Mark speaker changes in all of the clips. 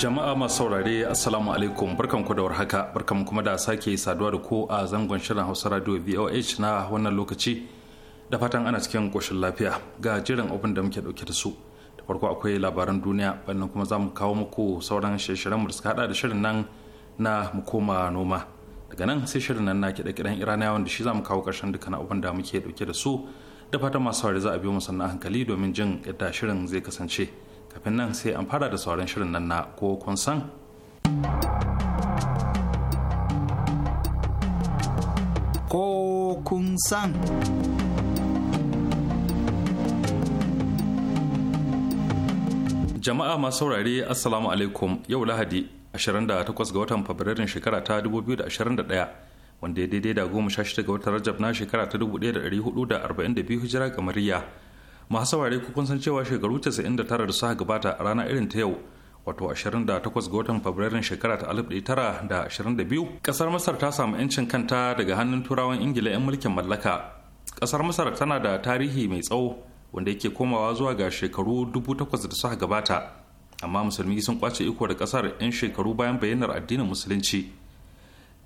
Speaker 1: jama'a masu saurare assalamu alaikum barkan ku da warhaka barkan kuma da sake saduwa da ku a zangon shirin hausa radio voh na wannan lokaci da fatan ana cikin koshin lafiya ga jiran abin da muke dauke da su da farko akwai labaran duniya bannan kuma za mu kawo muku sauran shirye-shiryen da suka hada da shirin nan na mu noma daga nan sai shirin nan na kiɗe irana iraniyawan da shi za mu kawo ƙarshen dukkan abin da muke dauke da su da fatan masu saurare za a biyo mu sannan hankali domin jin yadda shirin zai kasance. kafin nan sai an fara da sauran shirin nan na ko kun san
Speaker 2: ko kun san
Speaker 1: jama'a masu saurare assalamu alaikum yau lahadi 28 ga watan fabrairun shekara ta 2021 wanda ya daidai da 16 ga watan rajab na shekara ta 1442 hijira ga Mariya. masu saurare ku kun san cewa shekaru 99 da suka gabata a rana irin ta yau wato 28 ga watan fabrairun shekara ta 1922 kasar masar ta samu 'yancin kanta daga hannun turawan ingila 'yan mulkin mallaka kasar masar tana da tarihi mai tsawo wanda yake komawa zuwa ga shekaru 8,000 da suka gabata amma musulmi sun kwace iko da kasar 'yan shekaru bayan bayyanar addinin musulunci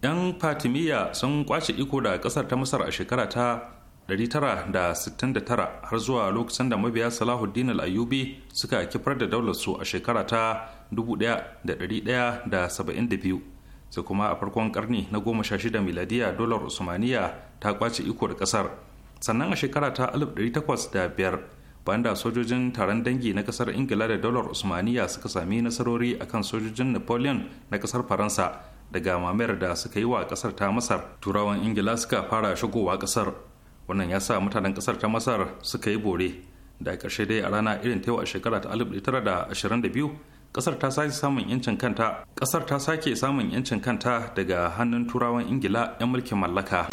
Speaker 1: 'yan fatimiyya sun kwace iko da kasar ta masar a shekara ta tara har zuwa lokacin da mabiya Salahuddin al-Ayyubi suka kifar da daular su a shekara ta 1172 sai kuma a farkon karni na 16 miladiya dolar Usmaniya ta kwace iko da kasar sannan a shekara ta 1805 bayan da sojojin taron dangi na kasar Ingila da dolar Usmaniya suka sami nasarori a kan sojojin Napoleon na kasar Faransa daga mamayar da suka yi wa kasar ta Masar turawan Ingila suka fara shigowa kasar wannan ya sa mutanen kasar ta masar suka yi bore da ƙarshe dai a rana irin ta yau a shekara ta 1922 kasar ta sake samun yancin kanta kasar ta sake samun yancin kanta daga hannun turawan ingila 'yan mulkin mallaka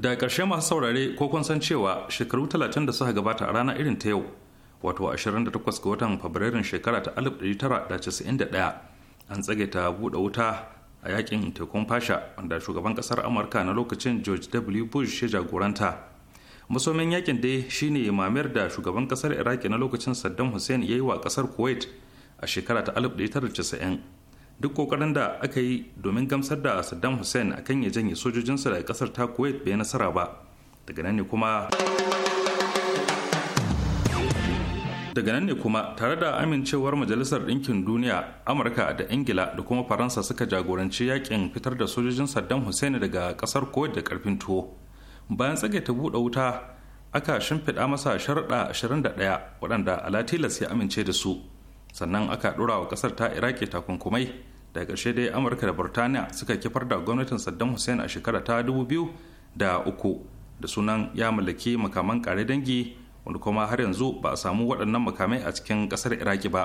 Speaker 1: da ƙarshe masu saurare ko kun san cewa shekaru 30 da suka gabata a rana irin ta yau wato 28 ga watan fabrairun shekara ta 1991 an tsage ta buɗe wuta a yakin tekun fasha wanda shugaban kasar amurka na lokacin george w bush ya jagoranta masomin yakin dai shine mamayar da shugaban kasar iraki na lokacin saddam hussein ya yi wa kasar kuwait a shekara ta 1990 duk kokarin da aka yi domin gamsar da saddam hussein akan ya janye sojojinsa daga kasar ta kuwait bai nasara ba daga nan ne kuma daga nan ne kuma tare da amincewar majalisar ɗinkin duniya amurka da ingila da kuma faransa suka jagoranci yakin fitar da sojojin saddam hussein daga ƙasar koyar da ƙarfin tuwo bayan tsage ta buɗe wuta aka shimfiɗa masa sharaɗa 21 waɗanda alatilas ya amince da su sannan aka ɗora wa ƙasar ta iraki takunkumai da ƙarshe dai amurka da burtaniya suka kifar da gwamnatin saddam hussein a shekara ta biyu da uku da sunan ya mallaki makaman ƙare dangi wanda kuma har yanzu ba a samu waɗannan makamai a cikin ƙasar iraki ba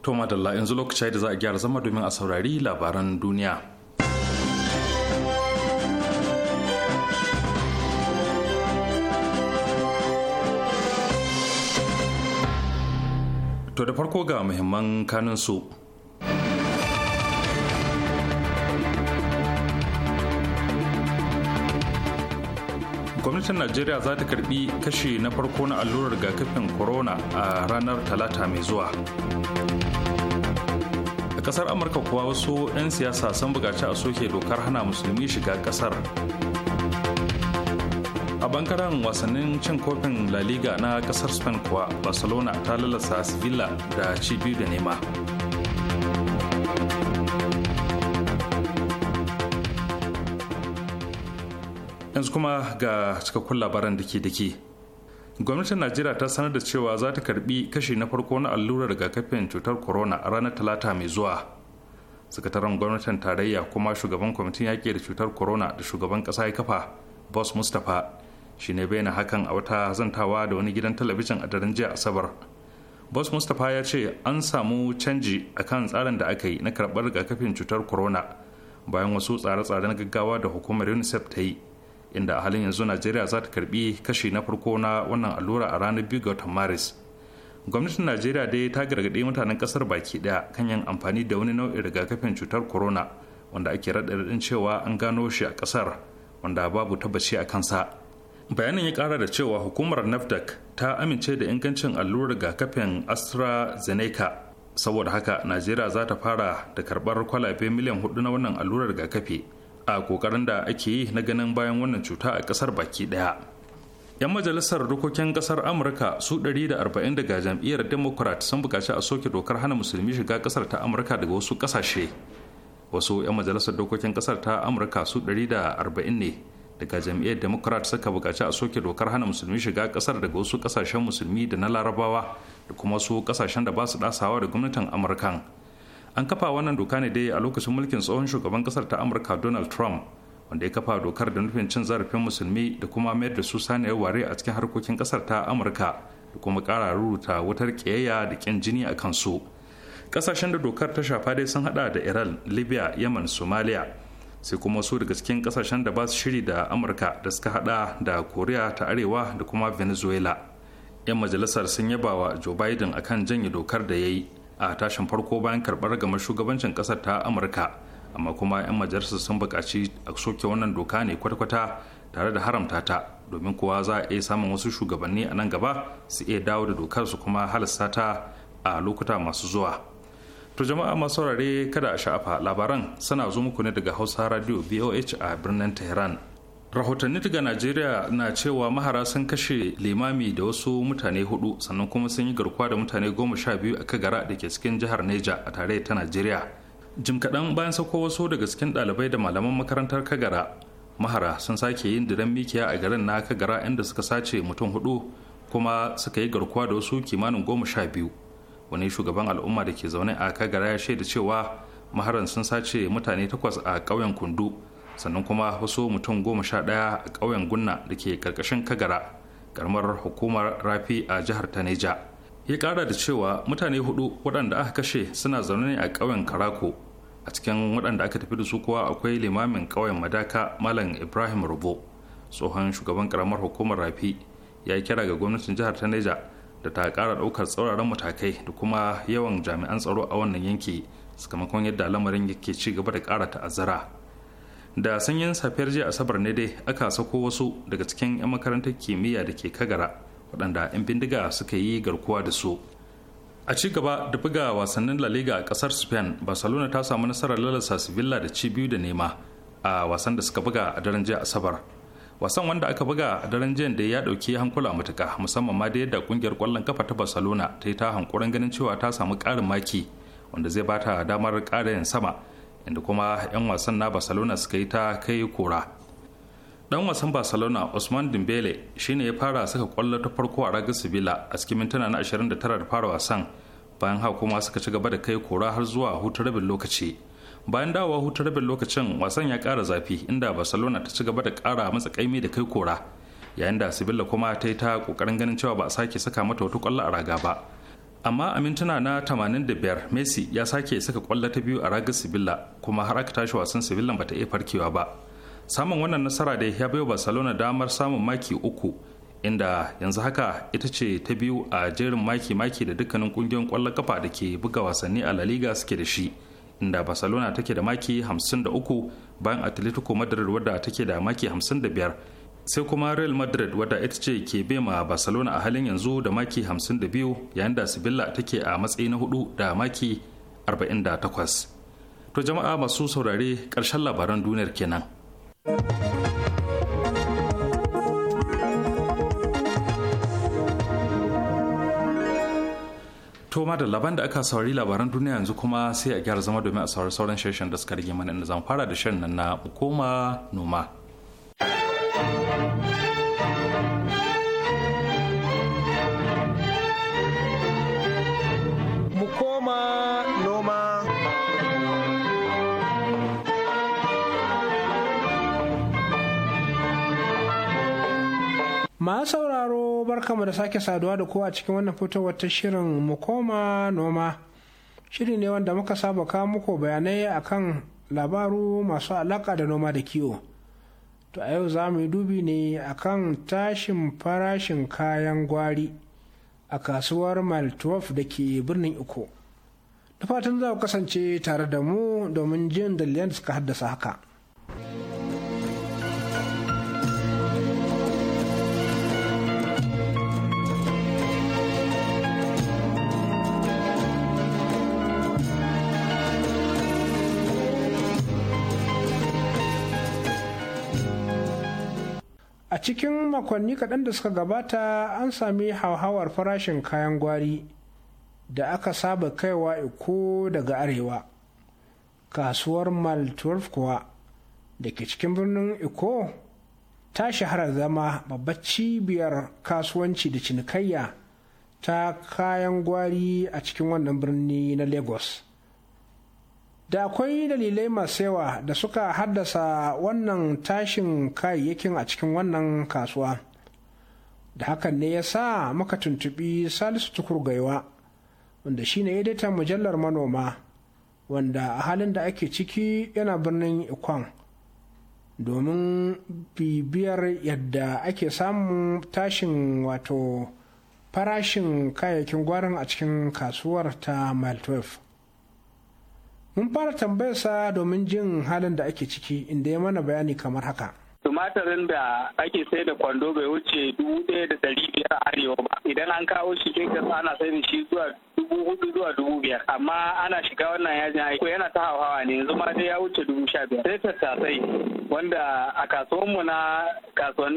Speaker 1: To madalla yanzu lokaci da za a gyara zama domin a saurari labaran duniya. To da farko ga muhimman kanunsu. gwamnatin najeriya za ta karbi kashi na farko na allurar rigakafin corona a ranar talata mai zuwa a kasar amurka kuwa wasu 'yan siyasa sun bukaci a soke dokar hana musulmi shiga kasar a bangaren wasannin cin kofin la liga na kasar spain kuwa barcelona ta lalasa sevilla da ci biyu da nema yanzu kuma ga cikakkun labaran da ke da ke gwamnatin najeriya ta sanar da cewa za ta karbi kashi na farko na allurar rigakafin cutar corona a ranar talata mai zuwa sakataren gwamnatin tarayya kuma shugaban kwamitin yaƙi da cutar corona da shugaban ƙasa ya kafa boss mustapha shi ne bayyana hakan a wata zantawa da wani gidan talabijin a daren jiya asabar boss mustapha ya ce an samu canji akan tsarin da aka yi na karɓar rigakafin cutar corona bayan wasu tsare-tsare na gaggawa da hukumar unicef ta yi inda a halin yanzu najeriya za ta karbi kashi na farko na wannan allura a ranar biyu ga watan maris gwamnatin najeriya dai ta gargaɗi mutanen ƙasar baki ɗaya kan yin amfani da wani nau'in rigakafin cutar corona wanda ake raɗaɗin cewa an gano shi a ƙasar wanda babu tabbaci a kansa bayanin ya ƙara da cewa hukumar nafdac ta amince da ingancin allurar rigakafin astrazeneca saboda haka najeriya za ta fara da karɓar kwalabe miliyan hudu na wannan allurar rigakafi a kokarin da ake yi na ganin bayan wannan cuta a kasar baki daya yan majalisar dokokin kasar amurka su 140 daga jam'iyyar democrat sun bukaci a soke dokar hana musulmi shiga kasar ta amurka daga wasu kasashe wasu yan majalisar dokokin kasar ta amurka su 140 ne daga jam'iyyar democrat suka bukaci a soke dokar hana musulmi shiga kasar daga wasu kasashen musulmi da na larabawa da kuma su kasashen da ba su dasawa da gwamnatin amurkan an kafa wannan doka ne dai a lokacin mulkin tsohon shugaban kasar ta amurka donald trump wanda ya kafa dokar da nufin cin zarafin musulmi da kuma mayar da su saniyar ware a cikin harkokin kasar ta amurka da kuma kara rubuta wutar kiyayya da kin jini a kansu kasashen da dokar ta shafa dai sun hada da iran libya yaman somalia sai kuma su daga cikin kasashen da ba su shiri da amurka da suka hada da koriya ta arewa da kuma venezuela 'yan majalisar sun yaba wa joe biden akan janye dokar da ya yi a tashin farko bayan karɓar gama shugabancin ƙasar ta amurka amma kuma 'yan majalisar sun buƙaci a soke wannan doka ne kwata-kwata tare da haramta ta domin kuwa za a iya samun wasu shugabanni a nan gaba su iya dawo da dokar su kuma halasta ta a lokuta masu zuwa to jama'a masu saurare kada a sha'afa labaran suna zo muku ne daga hausa radio voh a birnin tehran rahotanni daga najeriya na cewa mahara sun kashe limami da wasu mutane hudu sannan kuma sun yi garkuwa da mutane goma sha biyu a kagara da ke cikin jihar neja a tare ta najeriya jim kaɗan bayan sauko wasu daga cikin ɗalibai da malaman makarantar kagara mahara sun sake yin diran mikiya a garin na kagara inda suka sace mutum hudu kuma suka yi garkuwa da wasu kimanin goma sha biyu wani shugaban al'umma da ke zaune a kagara ya shaida cewa maharan sun sace mutane takwas a ƙauyen kundu sannan kuma wasu mutum goma sha ɗaya a ƙauyen gunna da ke karkashin kagara karamar hukumar rafi a jihar taneja ya kara da cewa mutane hudu waɗanda aka kashe suna zaune ne a ƙauyen karako a cikin waɗanda aka tafi da su kuwa akwai limamin ƙauyen madaka malam ibrahim rubo tsohon shugaban karamar hukumar rafi ya kira ga gwamnatin jihar taneja da ta kara ɗaukar tsauraran matakai da kuma yawan jami'an tsaro a wannan yanki sakamakon yadda lamarin yake ci gaba da ƙara ta'azzara da sanyin safiyar jiya asabar ne dai aka sako wasu daga cikin 'yan makarantar kimiyya da ke kagara waɗanda 'yan bindiga suka yi garkuwa da su a ci gaba da buga wasannin la liga a ƙasar spain barcelona ta samu nasarar lalasa sevilla da ci biyu da nema a wasan da suka buga a daren jiya asabar wasan wanda aka buga a daren jiya da ya ɗauki hankula matuka musamman ma da yadda kungiyar kwallon kafa ta barcelona ta yi ta hankurin ganin cewa ta samu ƙarin maki wanda zai bata damar ƙarin sama inda kuma 'yan wasan na barcelona suka yi ta kai kora dan wasan barcelona usman dembele shine ya fara suka kwallo ta farko a ragar sibila a cikin mintuna na 29 da fara wasan bayan haka kuma suka ci gaba da kai kora har zuwa hutu rabin lokaci bayan dawowa hutu rabin lokacin wasan ya kara zafi inda barcelona ta ci gaba da kara matsa kaimi da kai kora yayin da sibila kuma ta yi ta kokarin ganin cewa ba a sake saka mata wata kwallo a raga ba amma a mintuna na 85 messi ya sake saka kwallo ta biyu a ragar sevilla kuma har aka tashi wasan sevilla bata iya farkewa ba samun wannan nasara da ya baiwa barcelona damar samun maki uku inda yanzu haka ita ce ta biyu a jerin maki-maki da dukkanin kungiyoyin kwallon kafa da ke buga wasanni a la liga suke da shi inda barcelona take da maki 53 bayan atletico madrid wadda take da maki 55 sai kuma real madrid wadda ita ke ke ma barcelona a halin yanzu da maki 52 yayin da sibilla take a matsayi na hudu da maki 48 to jama'a masu saurare karshen labaran duniyar kenan to ma da laban da aka saurari labaran duniya yanzu kuma sai a gyara zama domin a saurari sauran shirin da suka rage mana inda zan fara da shirin nan na koma noma
Speaker 3: Ma sauraro barkamu da sake saduwa da kowa cikin wannan fitowar ta shirin mu koma noma. Shiri ne wanda muka saba kawo muku bayanai akan labaru masu alaka da noma da kiwo. To a yau za mu yi dubi ne akan tashin farashin kayan gwari a kasuwar Maltwaf da ke birnin Iko. Da fatan za ku kasance tare da mu domin jin dalilan da suka haddasa haka. a cikin makonni kaɗan da suka gabata an sami hauhawar farashin kayan gwari da aka saba kaiwa iko daga arewa kasuwar mal kuwa da ke cikin birnin iko ta shahara zama babbar cibiyar kasuwanci da cinikayya ta kayan gwari a cikin wannan birni na lagos da akwai dalilai masu yawa da suka haddasa wannan tashin kayayyakin a cikin wannan kasuwa da hakan ne ya sa maka tuntubi salisu tukur gaiwa wanda ne editan mujallar manoma wanda a halin da ake ciki yana birnin ikon domin bibiyar yadda ake samun tashin wato farashin kayayyakin gwarin a cikin kasuwar ta mile 12 mun fara tambayarsa domin jin halin da ake ciki inda ya mana bayani kamar haka
Speaker 4: tumatirin da ake sai da kwando bai wuce dubu ɗaya da ɗari biyar arewa ba idan an kawo shi kin ana sai da shi zuwa dubu hudu zuwa dubu biyar amma ana shiga wannan yajin aiki yana ta hawa ne yanzu ma dai ya wuce dubu sha biyar sai tattasai wanda a kasuwanmu na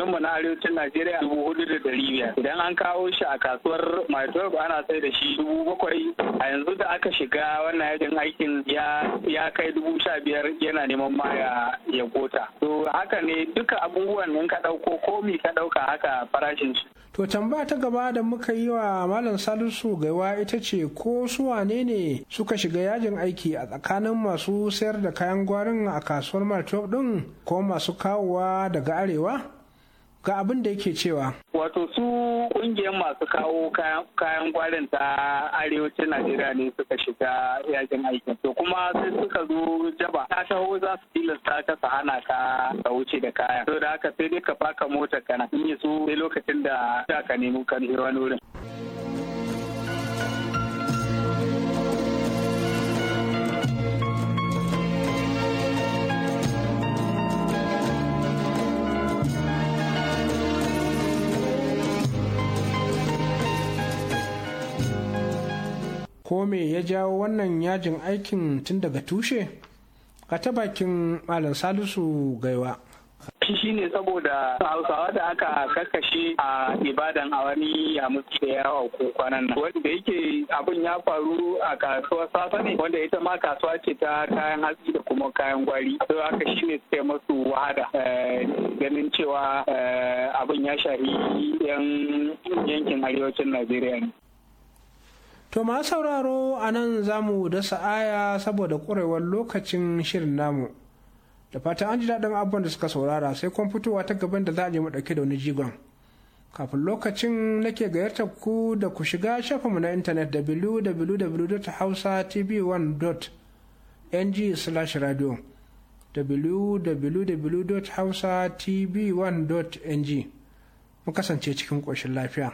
Speaker 4: mu na arewacin najeriya dubu hudu da dari biyar idan an kawo shi a kasuwar maitob ana sai da shi dubu bakwai a yanzu da aka shiga wannan yajin aikin ya kai dubu sha biyar yana neman ma ya gota to haka ne duka abubuwan in ka ɗauko komi ka ɗauka haka farashin
Speaker 3: shi to tambaya ta gaba da muka yi wa malam salisu gaiwa ita ce ko su wane ne suka shiga yajin aiki a tsakanin masu sayar da kayan gwarin a kasuwar martok ɗin ko masu kawowa daga arewa ga abin da yake cewa.
Speaker 4: Wato su kungiyar masu kawo kayan kwarin ta arewacin Najeriya
Speaker 5: ne suka shiga yakin aikin. To kuma sai suka zo jaba ta hau za su tilasta
Speaker 4: ta su hana ka ka wuce da kaya. To da haka sai dai ka faka mota kana. In yi su sai lokacin da ka nemi kan wani wurin.
Speaker 3: ko me ya jawo wannan yajin aikin tun daga tushe ka ta bakin malam salisu gaiwa
Speaker 4: shi ne saboda hausawa da aka kakashe a ibadan a wani ya mutu da yawa ko kwanan nan wanda yake abin ya faru a kasuwar safa ne wanda ita ma kasuwa ce ta kayan hatsi da kuma kayan gwari to aka shi ne sai masu wahada eh, ganin cewa eh, abin ya shahi yan yankin arewacin najeriya ne
Speaker 3: To ma sauraro a nan za mu dasa aya saboda ƙurewar lokacin shirin namu. Da fatan an ji daɗin abubuwan da suka saurara sai kuma fitowa ta gaban da za a je mu ɗauke da wani jigon. Kafin lokacin nake gayyatar ku da ku shiga shafinmu na intanet www.hausatv1.ng/radio www.hausatv1.ng mu kasance cikin ƙoshin lafiya.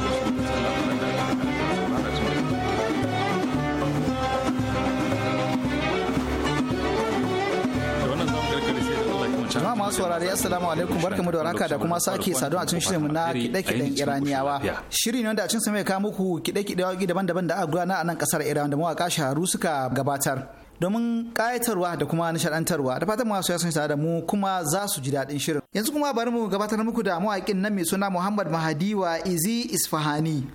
Speaker 2: masu warare assalamu alaikum barka mu da waraka da kuma sake saduwa a cikin shirinmu na kide kiɗen iraniyawa shiri ne wanda a cikin sa mai muku kiɗe kide waƙi daban-daban da aka gudana a nan ƙasar iran da mawaƙa shaharu suka gabatar domin kayatarwa da kuma nishaɗantarwa da fatan masu yasan tare da mu kuma za su ji daɗin shirin yanzu kuma bari mu gabatar muku da mawaƙin nan mai suna muhammad mahadi wa izi isfahani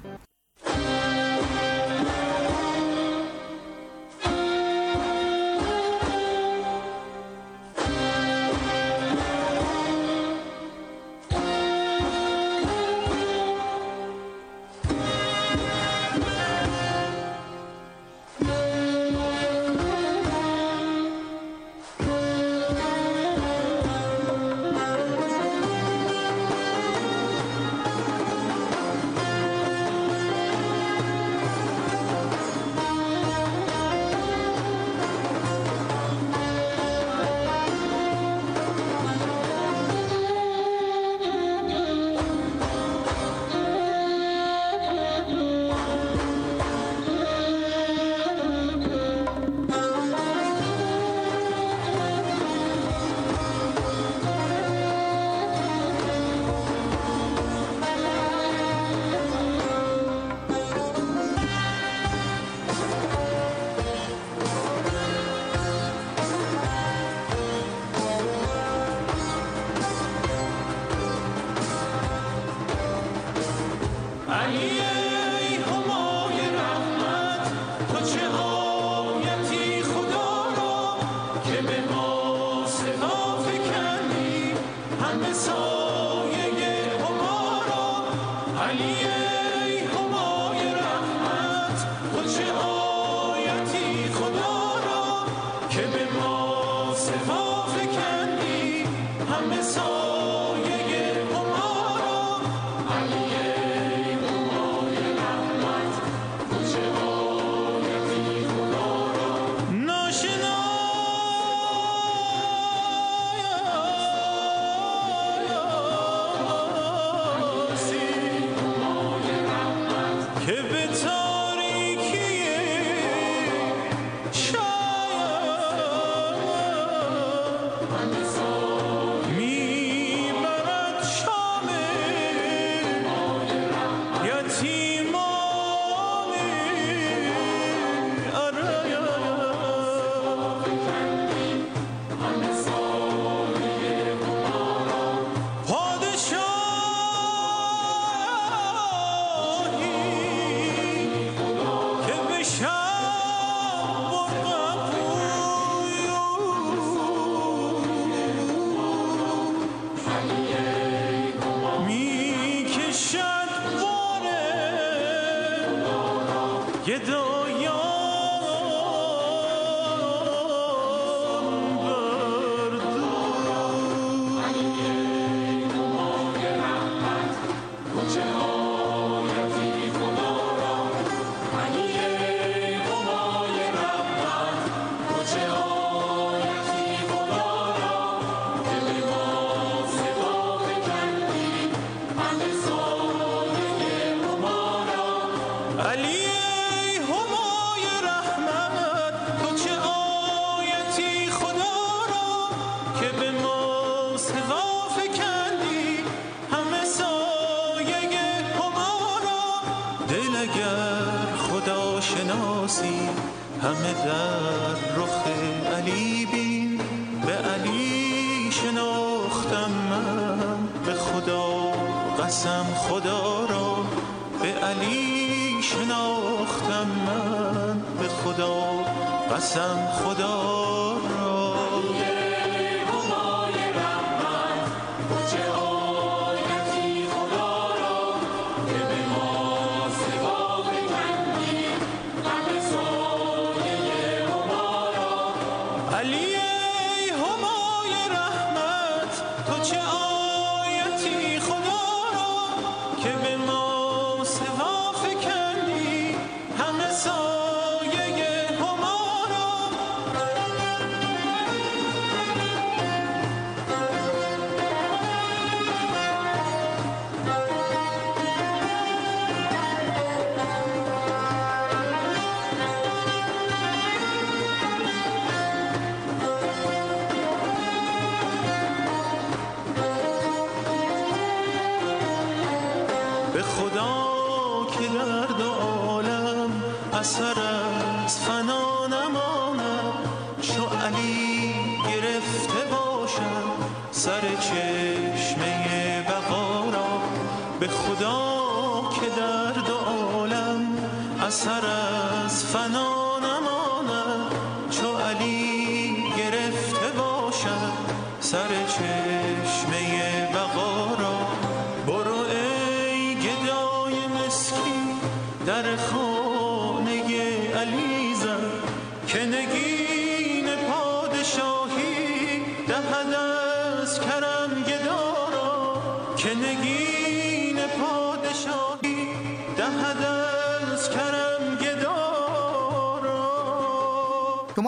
Speaker 1: علی
Speaker 6: همای رحمت تو چه خدا را که به ما سزا فکندی همه سایه هما را دل اگر خدا شناسی همه در رخ علی بین به علی شناختم من به خدا قسم خدا را به علی شناختم من به خدا قسم خدا سر چشمه بقا را برو ای گدای مسکین در خانه علی زن که نگین پادشاهی دهد از کرم گدا را که نگین پادشاهی دهد از کرم گدا
Speaker 2: را تو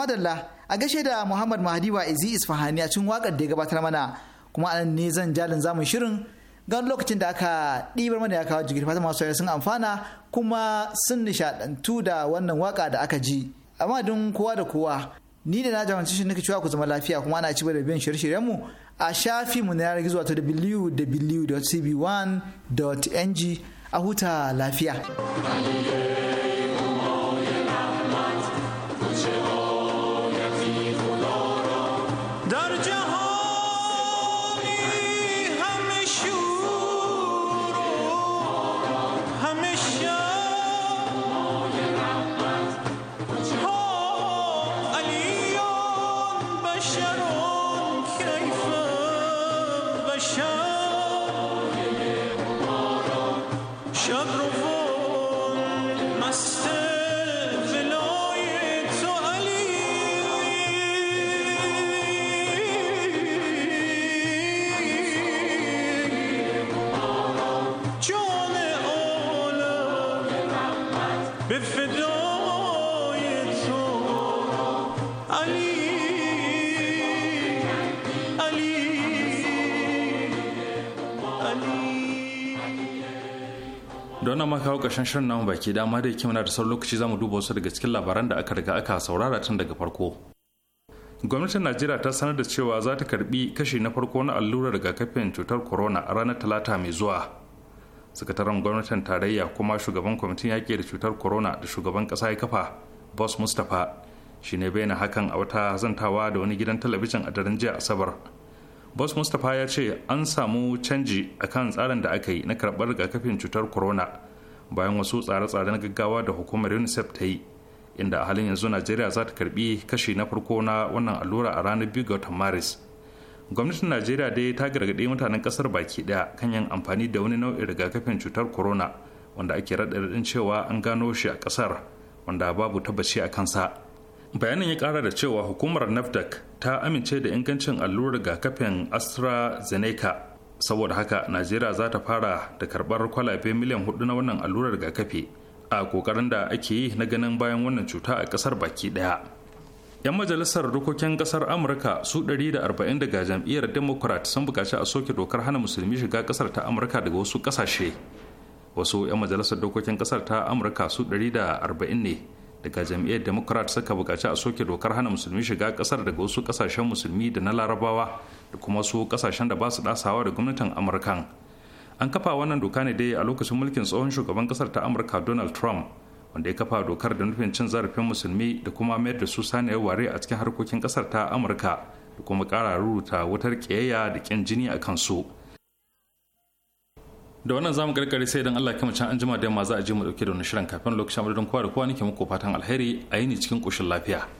Speaker 2: a gashe da muhammad mahadi wa izi isfahani a cikin wakar da ya gabatar mana kuma anan ne zan jalin zamun shirin gan lokacin da aka ɗibar mana ya kawo jigir fata masu sun amfana kuma sun nishaɗantu da wannan waka da aka ji amma don kowa da kowa ni da na jamanci shi nake cewa ku zama lafiya kuma ana cibar da biyan shirye-shiryenmu a shafi mu na yanar gizo wato www.cb1.ng a huta lafiya.
Speaker 1: ma kawo ƙarshen shirin namu baki dama da yake muna da sauran lokaci zamu duba wasu daga cikin labaran da aka riga aka saurara tun daga farko. Gwamnatin Najeriya ta sanar da cewa za ta karbi kashi na farko na allurar rigakafin cutar corona a ranar Talata mai zuwa. Sakataren gwamnatin tarayya kuma shugaban kwamitin yaƙi da cutar corona da shugaban ƙasa ya kafa, Boss Mustapha, shi ne bayyana hakan a wata zantawa da wani gidan talabijin a daren jiya Asabar. boss mustapha ya ce an samu canji akan tsarin da aka yi na karɓar rigakafin cutar corona bayan wasu tsare-tsare na gaggawa da hukumar unicef ta yi inda a halin yanzu najeriya za ta karbi kashi na farko na wannan allura a ranar biyu ga watan maris gwamnatin najeriya dai ta gargaɗe mutanen ƙasar baki ɗaya kan yin amfani da wani nau'in rigakafin cutar corona wanda ake raɗaɗin cewa an gano shi a ƙasar wanda babu tabbaci a kansa bayanin ya ƙara da cewa hukumar nafdac ta amince da ingancin allurar rigakafin astrazeneca saboda haka najeriya za ta fara da karbar kwalabe miliyan hudu na wannan allurar rigakafi a kokarin da ake yi na ganin bayan wannan cuta a kasar baki daya yan majalisar dokokin kasar amurka su 140 daga jam'iyyar democrat sun bukaci a soke dokar hana musulmi shiga kasar ta amurka daga wasu kasashe wasu yan majalisar dokokin kasar ta amurka su 140 ne daga jam'iyyar democrat suka bukaci a soke dokar hana musulmi shiga kasar daga wasu kasashen musulmi da na larabawa da kuma wasu kasashen da ba su dasawa da gwamnatin amurkan an kafa wannan doka ne dai a lokacin mulkin tsohon shugaban kasar ta amurka donald trump wanda ya kafa dokar da nufin cin zarafin musulmi da kuma mayar da su saniyar ware a cikin harkokin kasar ta amurka da kuma kara rubuta wutar kiyayya da kin jini a kansu da wannan zamu karkare sai dan Allah kuma can an jima da yamma za a je mu dauke da wani shirin kafin lokacin da kowa da kowa nake muku fatan alheri a yini cikin koshin lafiya